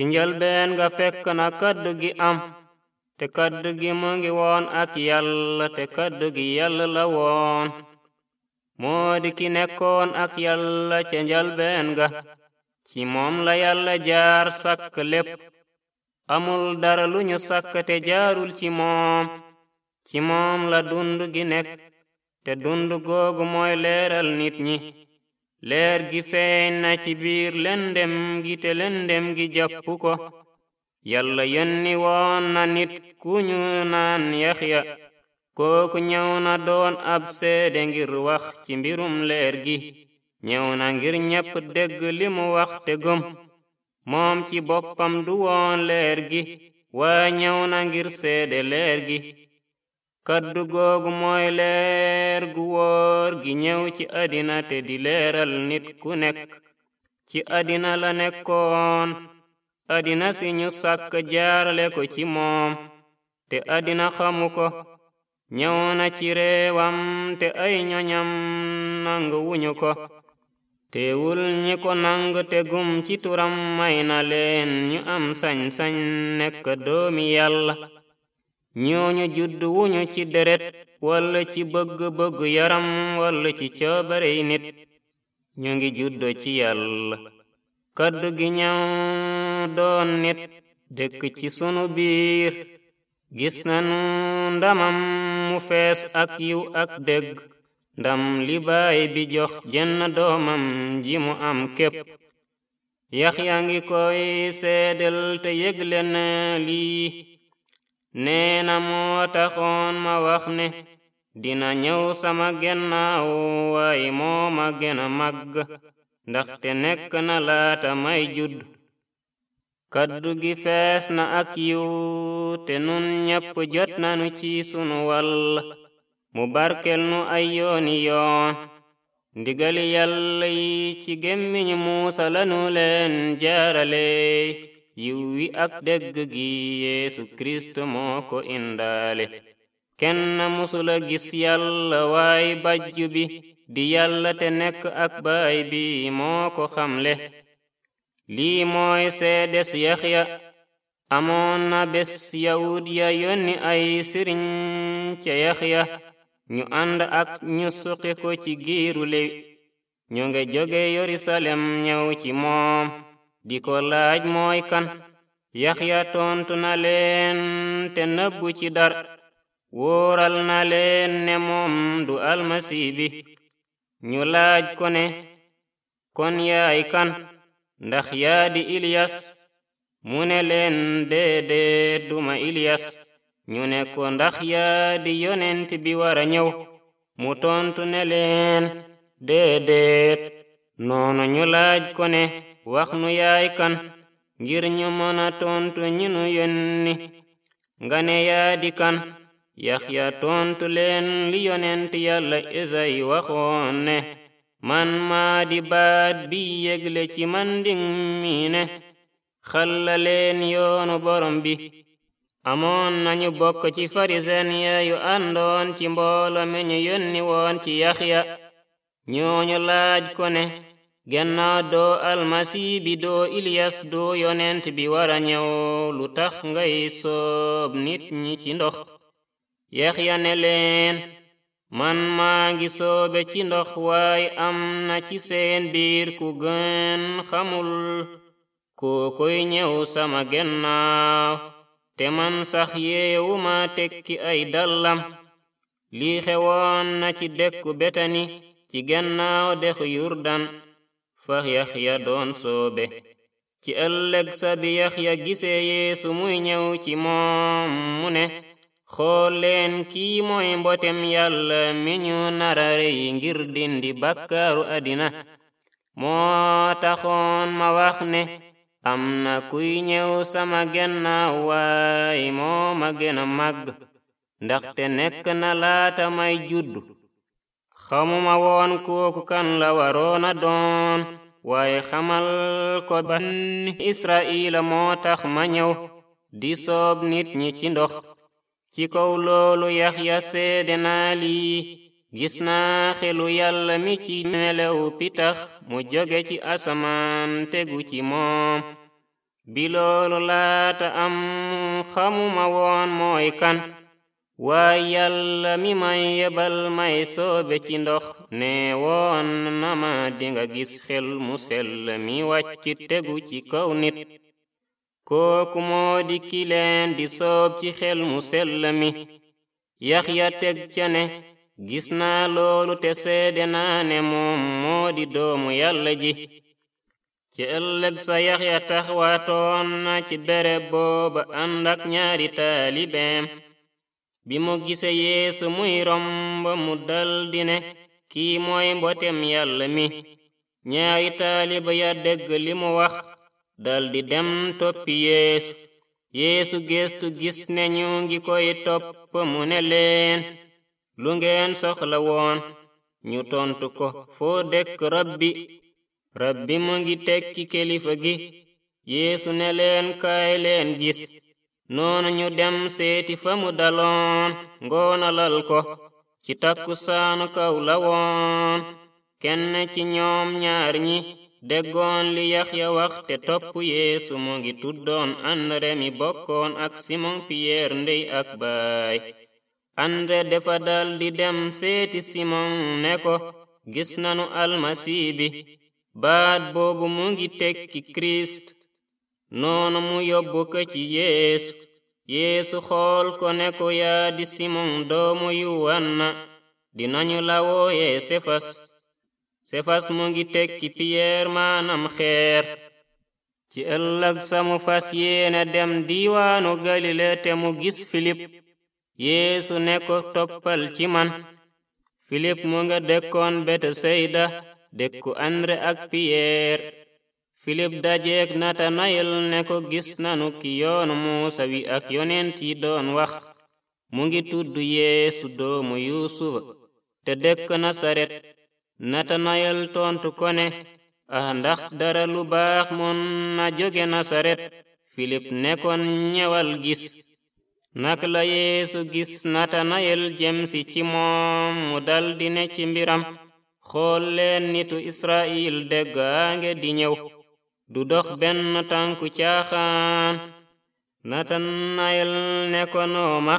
ci njëlbeen ga fekk na kaddu gi am te kaddu gi mu ngi woon ak yàlla te kaddu gi yàlla la woon moo ki nekkoon ak yàlla ca njëlbeen nga ci moom la yàlla jaar sàkk lépp amul dara lu ñu sàkk te jaarul ci moom ci moom la dund gi nekk te dund googu mooy leeral nit ñi leer gi na ci biir lëndëm gi te gi jàpp ko yàlla yónni woon na nit ku ñu naan yaxya kooku ñëw na doon ab seede ngir wax ci mbirum leer gi ñëw ngir ñépp dégg limu mu wax te gëm boppam du woon leer waa ñëw ngir seede leer kaddu googu mooy leer gu wóor gi ñëw ci àddina te di leeral nit ku nekk ci àddina la nekkoon àddina si ñu sàkk jaarale ko ci moom te àddina xamu ko ñëw na ci réewam te ay ñoñam nangu wuñu ko teewul ñi ko nang te gum ci turam may na leen ñu am sañ-sañ nekk doomi yàlla ñooñu judd wuñu ci deret walla ci bëgg-bëgg yaram walla ci coobarey nit ñu ngi juddo ci yàlla kaddu gi ñaw doon nit dëkk ci sunu biir gis nanu ndamam mu fees ak yiw ak dëgg ndam li baay bi jox jenn doomam ji mu am képp yax yaa ngi koy seedel te yëgle na lii nee na moo ma wax dina ñëw sama gennaaw waaye moo ma gën a màgg nekk na laata may judd kaddu gi fees na ak yiw te nun ñépp jot nanu ci sunu wàll mu barkel nu ay yooni yoon ndigali yàlla yi ci muusa lanu leen jaarale yiw wi ak dëgg gi yeesu kirist moo ko indaale kenn musula gis yàlla waay bajj bi di yàlla te nekk ak baay bi moo ko xamle lii mooy seedes yaxya amoon na bés yawut ya ay sëriñ ca yaxya ñu ànd ak ñu suqi ko ci giiru lewi ñu nga jóge yerusalem ñëw ci moom di ko laaj mooy kan yaxya tontu na leen te nëbbu ci dar wóoral na leen ne moom du almasi bi ñu laaj ko ne kon yaay kan ndax yaa di iliyas mu ne leen déedéet duma iliyas ñu ne ko ndax yaa di yonent bi wara ñëw mu tontu ne leen déedéet noonu ñu laaj ko ne wax nu yaay kan ngir ñu mën a tontu ñi nu yónni nga ne yaa di kan yaxya tontu leen liyonent yonent yàlla esay waxoon ne man maa baat bi yégle ci manding nding xalla leen yoonu borom bi amoon nañu bokk ci farisen ya yu àndoon ci mboolo mi ñu woon ci yaxya ñooñu laaj ko ne gennaaw doo almasi bi doo iliyas doo yonent bi wara ñëw lu tax ngay soob ñi ci ndox yaxya ne leen man maa ngi soobe ci ndox waaye am na ci seen biir ku gën xamul kookoy ñëw sama gennaaw te man sax yeewuma tekki ay dallam lii xewoon na ci dekku betani ci gennaaw dexu yurdan far yaxya doon ci ëllëg sa yaxya gisee yeesu muy ñëw ci moom mu ne xool leen kii mooy mbotem yàlla mi ñu nara ngir dindi bakkaaru àddina moo taxoon ma wax ne am na kuy ñëw sama gennaaw waay moo ma gën a màgg ndaxte nekk na laata may juddu xamuma woon kooku kan la waroona doon waaye xamal ko banni israila moo tax ma ñëw di soob nit ñi ci ndox ci kaw loolu yaxya seede naa lii gis naa xelu yàlla mi ci melew pitax mu joge ci asamaan tegu ci moom bi laata am xamuma woon mooy kan waa yàlla mi may yebal may soobe ci ndox ne woon na ma dinga gis xel mu sell mi wàcc tegu ci kaw nit kooku moo di kileen di soob ci xel mu sell mi yaxya teg ca gis naa loolu te seede naa ne moom di doomu yàlla ji ci ëllëg sa yaxya taxawaatoon na ci bere booba ànd ak ñaari taalibeem bi mu gise yeesu muy romb mu daldi ne kii mooy mbotem yàlla mi ñaari taaliba ya dégg li mu wax daldi dem toppi yeesu yeesu geestu gis ne ñu ngi koy topp mu ne leen lu ngeen soxla woon ñu tontu ko foo dëkk rabbi rabbi mu ngi tekki kilifa gi yeesu ne leen kaay leen gis noonu ñu dem seeti famu mu daloon ngoonalal ko ci takku saanu kaw la woon kenn ci ñoom ñaar ñi déggoon li yaxya wax te topp yeesu mu ngi tuddoon andre mi bokkoon ak simon piyeer ndey ak baay andre dafa dal dem seeti simon ne ko gis nanu almasi bi baat boobu mu ngi tekki kirist noonu mu yóbbu ko ci yeesu yeesu xool ko ne ko yaa di simon doomu yuwanna dinañu la wooyee sefas sefas mu ngi tekki piyeer maanam xeer ci ëllëg samu fas yéene dem diiwaanu galile te mu gis filip yeesu ne ko toppal ci man filip mu nga dëkkoon betesayda dëkku andre ak piyeer filip dajeeg natanayel ne ko gis nanu ki yoonu muusa wi ak yonent doon wax mu ngi tudd yeesu doomu yuusufa te dëkk nasaret natanayel tontu ko ne ah ndax dara lu baax mën na jóge nasaret filip ne kon ñëwal gis nak la yeesu gis natanayel jëm ci moom mu daldi ne ci mbiram xool leen nitu israyil dëggaange di ñëw du dox benn tànku caaxaan natanayel ne ko noo ma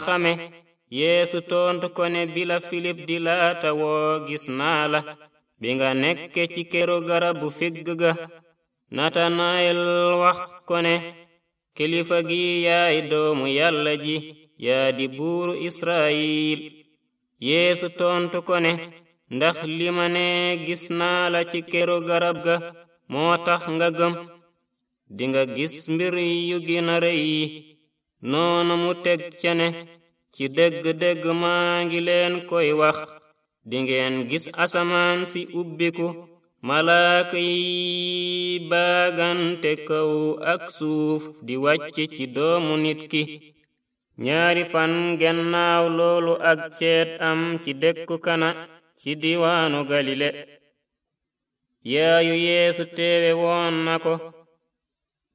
yeesu tontu ko ne bila filip di laata woo gis naa la bi nga nekke ci këru garabu figg ga natanayel wax ko ne kilifa gi yaay doomu yàlla ji yaa buuru israyil yeesu tontu ko ne ndax li ne gis ci këru garab ga moo tax nga gëm dinga gis mbir yu gina rëy yi noonu mu teg cene ci dëgg-dëgg maa ngi leen koy wax dingeen gis asamaan si ubbiku malaaka yi baagante kaw ak suuf di wàcc ci doomu nit ki ñaari fan gennaaw loolu ak ceet am ci dëkku kana ci diwaanu galile yaayu yéesu teewe woon na ko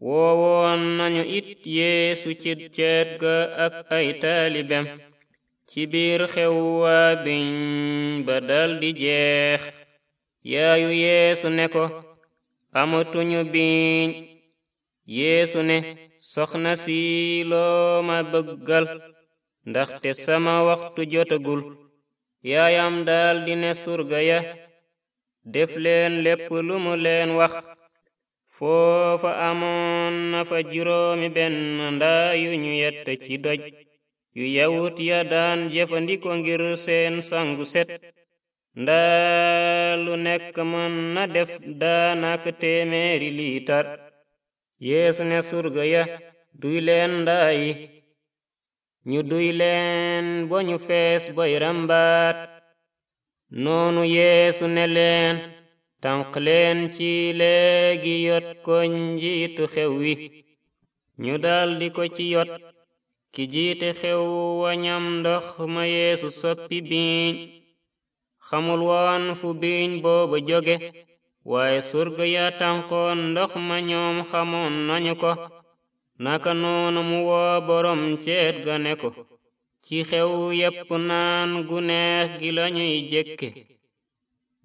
woowoon nañu it yeesu ci ceet ga ak ay taalibem ci biir xew waa biñ ba daldi jeex yaayu yeesu ne ko amatuñu biiñ yeesu ne soxna si loo ma bëggal ndaxte sama waxtu jotagul yaayam daldi ne surga ya def leen lépp lu mu leen wax foofa amoon na fa juróomi benn ndaa yu ñu yett ci doj yu yawut ya daan jëfandikoo ngir seen sangu set ndaa lu nekk mën na def daanaka téeméeri liitar yeesu ne surga ya duy leen ndaa yi ñu duy leen ba ñu fees boy rambaat noonu yéesu ne leen tànq leen ci léegi yot ko njiitu xew wi ñu daldi ko ci yot ki jiite xew wa ñam ndox ma yeesu soppi biiñ xamul woon fu biiñ booba jóge waaye surga ya tànqoon ndox ma ñoom xamoon nañu ko naka noonu mu woo borom ceet ga ne ko ci xew yépp naan gu neex gi lañuy jékke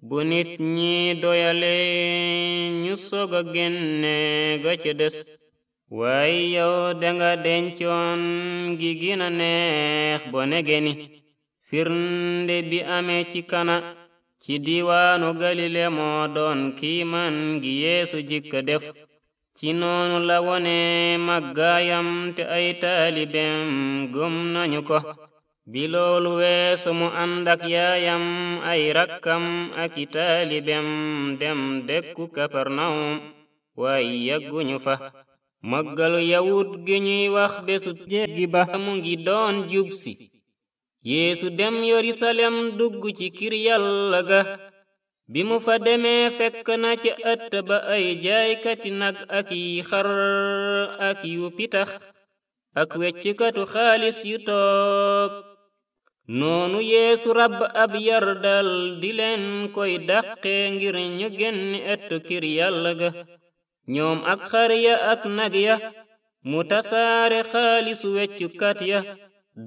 bu nit ñi doyale ñu sog a génne ga ca des waaye yow dencoon gi gina neex ba negeni firnde bi amee ci kana ci diiwaanu galile moo doon kiiman gi yeesu jikka def ci noonu la wone màggaayam te ay taalibeem gëm nañu ko bi loolu weesu mu ànd ak yaayam ay rakkam ak i taalibeem dem dekku kaparnawum waaye yëgguñu fa màggalu yawut gi ñuy wax bésu jéggi ba mu ngi doon jub si yéesu dem yerusalem dugg ci kir yàlla ga bi mu fa demee fekk na ci ëtt ba ay jaaykati nag ak yi xar ak yu pitax ak weccikatu xaalis yu toog noonu yeesu rab ab yar dal di leen koy dàqee ngir ñu génn ëtt kir yàlla ga ñoom ak xar ya ak nag ya mu tasaare xaalisu weccukat ya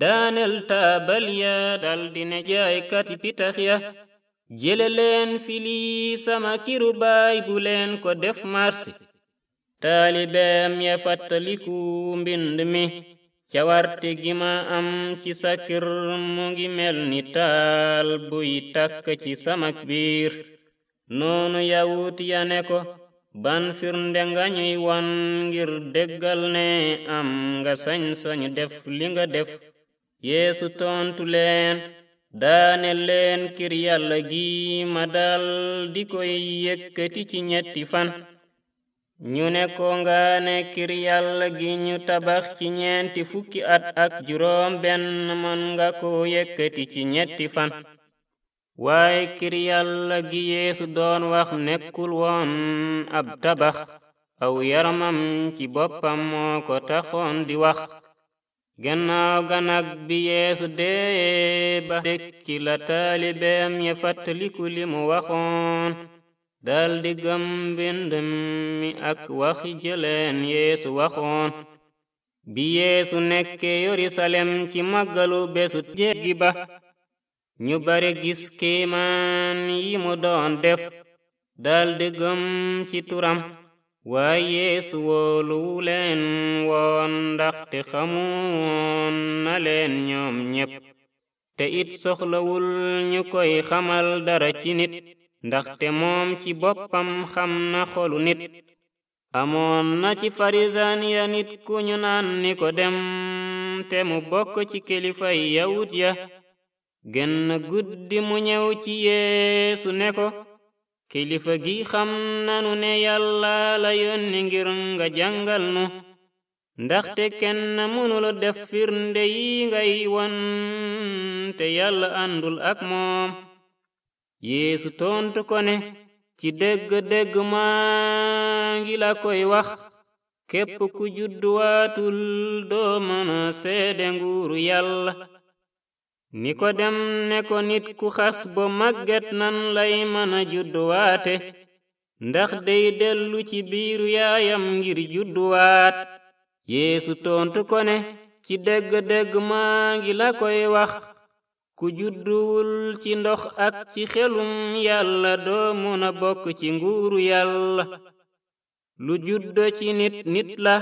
daaneel taabal ya dal di ne jaaykati pitax ya jële leen fi lii sama kiru baay bu leen ko def marsi taalibeem ya fàttaliku mbind mi cawarte gi ma am ci sakir mu ngi mel ni taal buy tàkk ci samak biir noonu yawut ya ne ko ban firnde nga ñuy wan ngir déggal ne am nga sañ-sañu def li nga def yeesu tontu leen daane leen kir yàlla gi ma dal di koy yëkkati ci ñetti fan ñu ne ko ngaane kir yàlla gi ñu tabax ci ñeenti fukki at ak juróom benn mën nga ko yëkkëti ci ñetti fan waaye kir yàlla gi yéesu doon wax nekkul woon ab tabax aw yaramam ci boppam moo ko taxoon di wax gannaaw ganak bi yéesu dee ba dekki la taalibeem ya fàttaliku li mu waxoon daldi gëm mbind mi ak waxi jëleen yeesu waxoon bi yeesu nekke yerusalem ci màggalu bésu jéggi ba ñu bare gis kéemaan yi mu doon def daldi gëm ci turam waa su wóoluwu leen woon ndaxte xamoon na leen ñoom ñépp te it soxlawul ñu koy xamal dara ci nit ndaxte moom ci boppam xam na xolu nit amoon na ci farisaan ya nit ku ñu naan Nikodem te mu bokk ci kilifay yawut ya genn guddi mu ñëw ci yeesu ne ko kilifa gi xam nanu ne yàlla la yónni ngir nga jàngal nu ndaxte kenn mënula def firnde yi ngay wan te yàlla àndul ak moom yéesu tontu ko ne ci dëgg-dëgg maa ngi la koy wax képp ku judduwaatul doo mën seede nguuru yàlla nikodem ne ko nit ku xas ba màgget nan lay mën a judd judduwaate ndax day dellu ci biiru yaayam ngir judduwaat yeesu tontu ko ne ci dégg dégg maa ngi la koy wax ku judduwul ci ndox ak ci xelum yàlla doo mun a bokk ci nguuru yàlla lu juddo ci nit nit la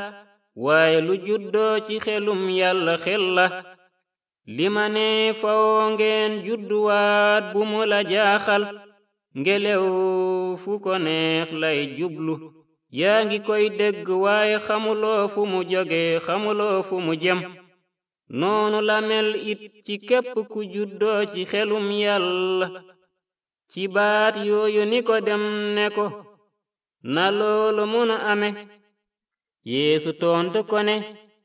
waaye lu juddoo ci xelum yàlla xel la li ma ne judduwaat bu mu la jaaxal ngelew fu ko neex lay jublu yaa ngi koy dégg waay xamuloo fu mu joge xamuloo fu mu jëm noonu la it ci képp ku juddoo xelum yàlla ci baat yooyu ni ko dem ne ko na loolu mun a ame yeesu tontu ko ne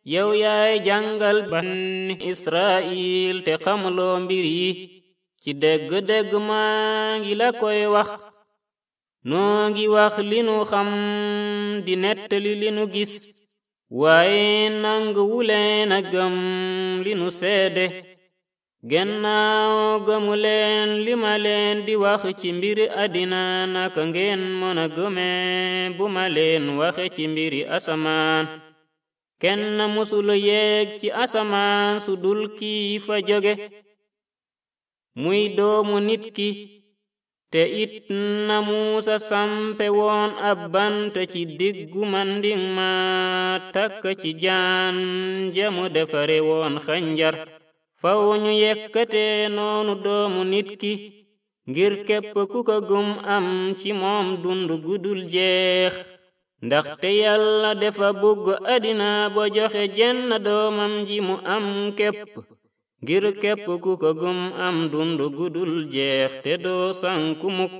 yow yaay jàngal bani israil te xamuloo mbir ci dëgg-dëgg maa ngi la koy wax noo ngi wax li nu xam di nettali li nu gis waaye nangu wuleen a gëm li nu seede gennaaw gëmu li ma leen di wax ci mbiri àddina naka ngeen mën a gëmee bu ma leen waxe ci mbiri asamaan kenn mësula yéeg ci asamaan su dul kii fa muy doomu nit te it na muusa sampe woon ab bant ci diggu manding ma takk ci jaan jamu defare woon xanjar faw ñu yekkate noonu doomu nit ngir képp ku gum am ci moom dund jeex ndaxte yàlla dafa bugg àddina ba joxe jenn doomam ji mu am képp ngir képp ku ko am dund gudul jeex doo sanku mukk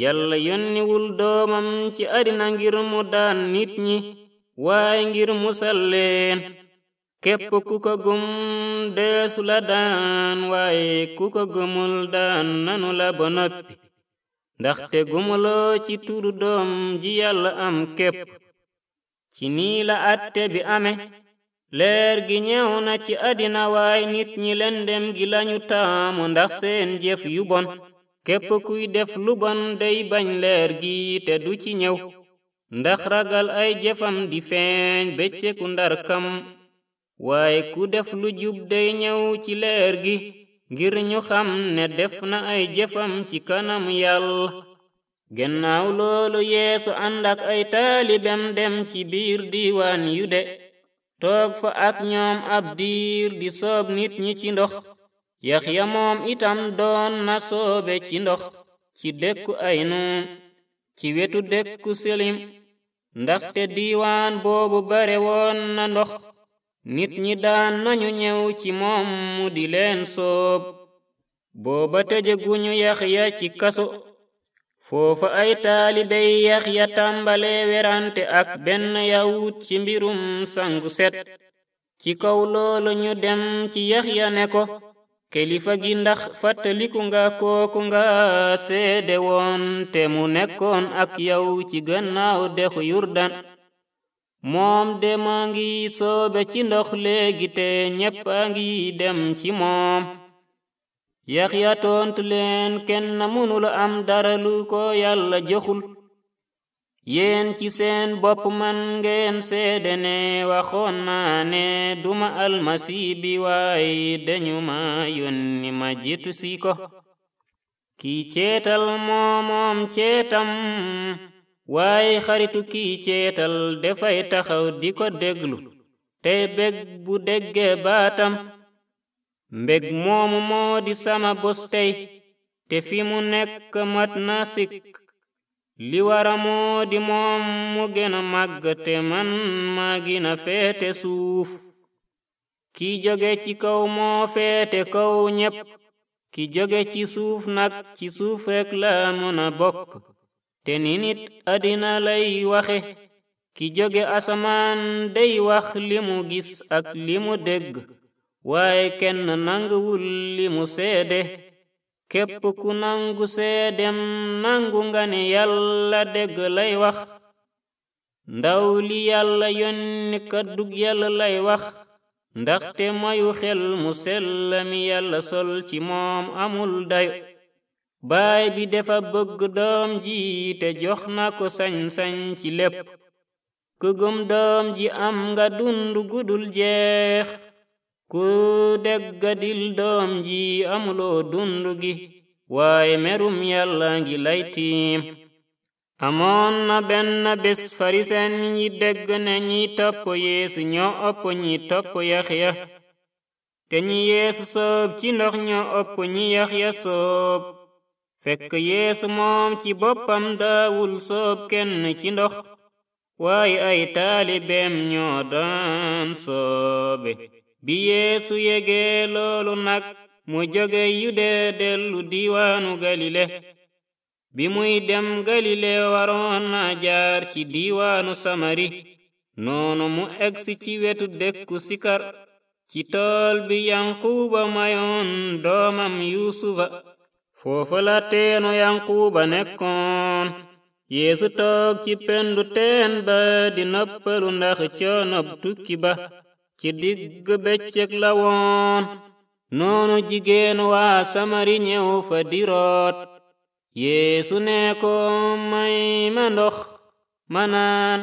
yàlla yónniwul doomam ci àddina ngir mu daan nit ñi waaye ngir musal leen képp ku ko deesu la daan waaye ku ko daan nanu la ba ndaxte gumuloo ci turu doom ji yàlla am képp ci nii la atte bi ame leer gi ñëw na ci àddina waay nit ñi lëndëm gi lañu taamu ndax seen jëf yu bon képp kuy def lu bon day bañ leer gi te du ci ñëw ndax ragal ay jëfam di feeñ bëcceku ndar kam waaye ku def lu jub day ñëw ci leer gi ngir ñu xam ne def na ay jëfam ci kanam yàlla gennaaw loolu yéesu ànd ay taalibem dem ci biir diiwaan yude toog fa ak ñoom ab diir di soob nit ñi ci ndox yaxya moom itam doon na soobe ci ndox ci dëkku ay nuun ci wetu dëkku selim ndaxte diiwaan boobu bare woon na ndox nit ñi daan nañu ñëw ci moom mu di leen soob booba tëjeguñu yaxya ci kaso foofa ay taalibey yaxya tàmbale werante ak benn yawut ci mbirum sangu set ci kaw loolu ñu dem ci yaxya ne ko kilifa gi ndax fàttaliku nga kooku nga seede woon te mu nekkoon ak yow ci gannaaw dexu yurdan moom de maa ngi soobe ci ndox léegi te ngi dem ci moom yaxya tontu leen kenn mënul am dara lu ko yàlla joxul yéen ci seen bopp man ngeen seede ne waxoon naa ne duma almasi bi waaye dañu ma yónni ma si ko ki ceetal moomoom ceetam waaye xaritu kii ceetal dafay taxaw di ko déglu tey bég bu déggee baatam mbég moomu moo di sama bos tey te fi mu nekk mat na sikk li wara moo di moom mu gën a màgg te man maa gën a féete suuf ki jóge ci kaw moo féete kaw ñépp ki jóge ci suuf nag ci suuf rekk la mën a bokk te ni nit àddina lay waxe ki jóge asamaan day wax li mu gis ak limu mu dégg kenn nanguwul li mu seede képp ku nangu seedem nangu nga ne yàlla dégg lay wax ndaw li yàlla yónni kàddug yàlla lay wax ndaxte mayu xel mu sell mi yàlla sol ci moom amul dayo baay bi dafa bëgg doom ji te jox na ko sañ-sañ ci lépp ku gëm doom ji am nga dund gudul jeex ku deggadil doom ji amuloo dund gi waaye merum yàlla ngi lay tiim amoon na benn bés farisen yi dégg ne ñi topp yeesu ñoo ëpp ñi topp yaxya te ñi yeesu soob ci ndox ñoo ëpp ñi yaxya soob fekk yeesu moom ci boppam daawul soob kenn ci ndox waaye ay taalibeem ñoo daan soobe bi yeesu yegee loolu nag mu joge yudee dellu diiwaanu galile bi muy dem galile waroon na ci diiwaanu samari noonu mu egsi ci wetu dëkku sikar ci tool bi yanquuba mayoon doomam yuusufa foofa la teenu yankuuba nekkoon yéesu toog ci pendu teen ba di noppalu ndax coonob tukki ba ci digg beccëg la woon noonu jigéen waa samari ñëw fa di root yéesu ne ko ma ndox ma naan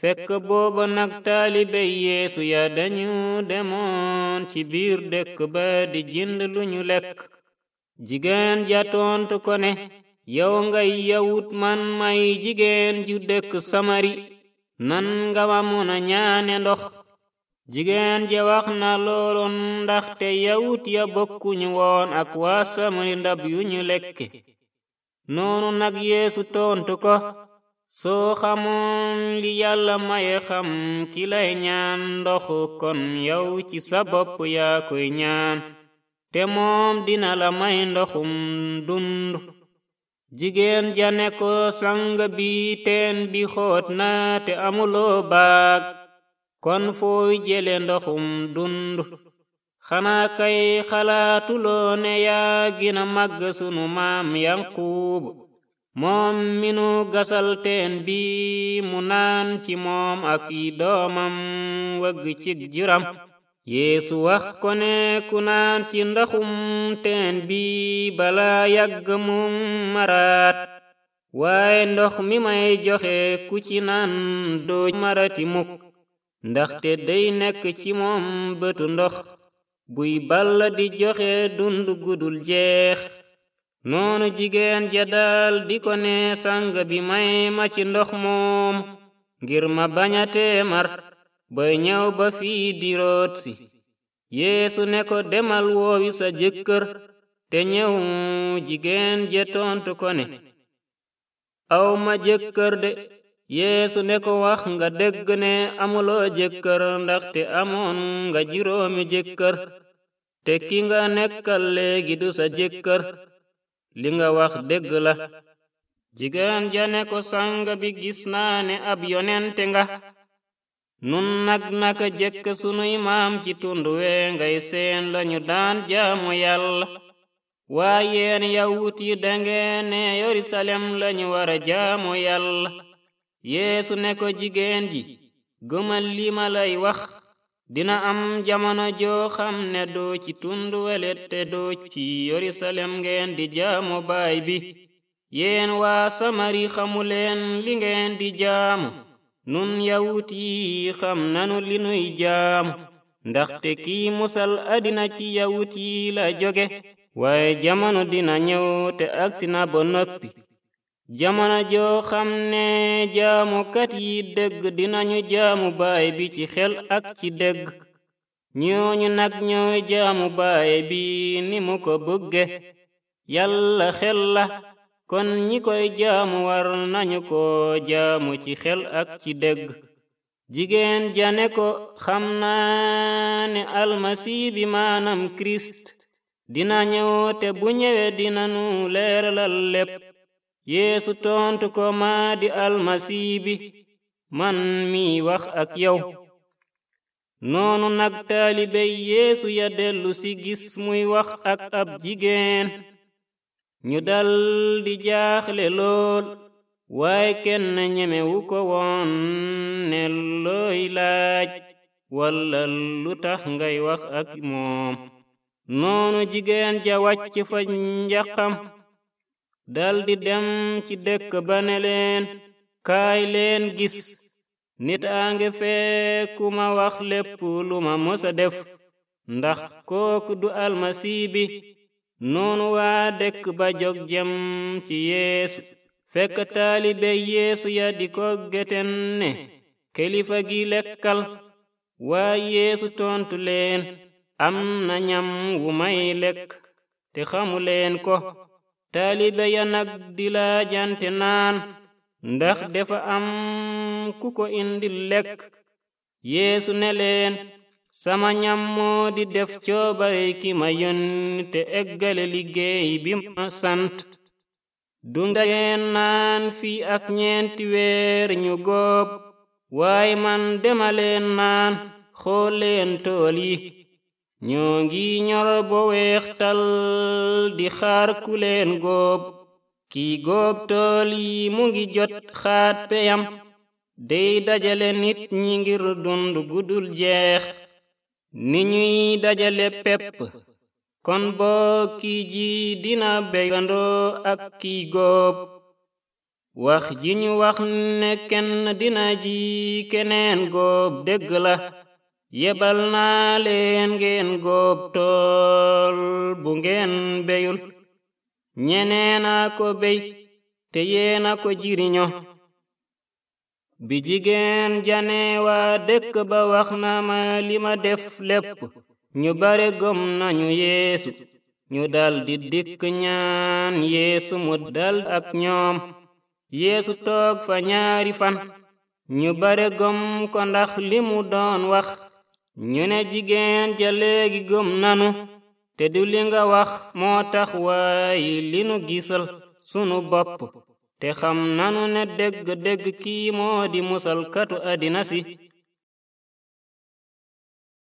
fekk booba nag taalibe yéesu ya dañu demoon ci biir dëkk ba di jënd lu ñu lekk jigéen ja tontu ko ne yow ngay yawut man may jigéen ju dëkk samari nan nga ma mun a ñaane ndox jigéen ja wax na loolu ndaxte yawut ya bokkuñu woon ak wa samari ndab yu ñu lekke noonu nag yeesu tontu soo xamoon li yàlla maye xam ki lay ñaan ndoxu kon yow ci sa bopp yaa ñaan te moom dina la may ndoxum dund jigéen ja ne ko sang bi teen bi xoot na amuloo baag kon fooy jële ndoxum dund xanaa kay xalaatuloo ne yaa gina màgg sunu maam yanquub moom minu gasal teen bi mu naan ci moom ak i doomam wëgg cig jiram yéesu wax ko ne ku naan ci ndaxum teen bi bala yàgg mum maraat waaye ndox mi may joxe ku ci naan doo marati mukk ndaxte day nekk ci moom bëtu ndox buy balla di joxe dund gudul jeex noonu jigéen ja daal ko ne sang bi may ma ci ndox moom ngir ma bañatee mar boy ñëw ba fii di root si yeesu ne ko demal woowi sa jëkkër te ñëw jigéen je tontu ko ne aw ma jëkkër de yeesu ne ko wax nga dëgg ne amuloo jëkkër ndaxte amoon nga juróomi jëkkër te ki nga nekkal léegi du sa jëkkër li nga wax dëgg la jigéen ja ne ko sang bi gis naa ne ab yonente nga nun nag naka jëkk sunuy maam ci tund wee seen lañu daan jaamu yàlla waaye yéen yawut yi dangeen ne yerusalem lañu wara jaamu yàlla yeesu ne ko jigéen ji gëmal lii ma lay wax dina am jamono joo xam ne doo ci tund wele te doo ci yerusalem ngeen di jaamu baay bi yéen waa samari xamuleen li ngeen di jaamu nun yawut yi xam nanu li nuy jaam ndaxte kii musal àddina ci yawut yi la jóge waaye jamono dina ñëw te agsi na ba noppi jamono joo xam ne jaamukat yi dëgg dinañu jaamu baay bi ci xel ak ci dëgg ñooñu nag ñooy jaamu baay bi ni mu ko bëgge yàlla xel la kon ñi koy jaamu war nañu ko jaamu ci xel ak ci dëgg jigéen jane ko xam naa ne almasi bi maanam kirist dina ñëw te bu ñëwe dina nu leeralal lépp yeesu ko maa di almasi man mi wax ak yow noonu nag taalibe yeesu ya dellu si gis muy wax ak ab jigéen ñu daldi di jaaxle lool waaye kenn ñemewu ko woon ne looy laaj walla lu tax ngay wax ak moom noonu jigéen ja wàcc fa njaqam daldi dem ci dëkk bane ne leen kaay leen gis nit a ngi ma wax lépp lu ma mës def ndax kooku du almasi bi noonu waa dëkk ba jóg jëm ci yeesu fekk taalibe yeesu ya di ko gëten ne kilifa gi lekkal waa yeesu tontu leen am na ñam wu may lekk te xamu leen ko taalibe ya nag di naan ndax dafa am ku ko indil lekk yeesu ne leen sama ñam di def coobare ma yónni eggale liggéey bi ma sant du ngeen naan fii ak ñeenti weer ñu góob waaye man demaleen naan xoolleen tool yi ñoo ngi ñor bo weextal di xaar ku leen góob kii góob tool mu ngi jot xaat peyam dey dajale nit ñi ngir dund gudul jeex ni ñuy dajale pepp kon boo kii ji dina béyandoo ak kiy góob wax ji ñu wax ne kenn dina ji keneen góob dëgg la yebal naa leen ngeen góob tool bu ngeen beyul ñeneena ko bey te yeena ko jiriño bi jigéen jane waa dëkk ba wax na ma li ma def lépp ñu bare gëm nañu yeesu ñu daldi dikk ñaan yeesu mu dal ak ñoom yeesu toog fa ñaari fan ñu bare gëm ko ndax li mu doon wax ñu ne jigéen ja léegi gëm nanu te du li nga wax moo tax waaye li nu gisal sunu bopp te xam nanu ne dëgg dëgg kii moo di katu àddina si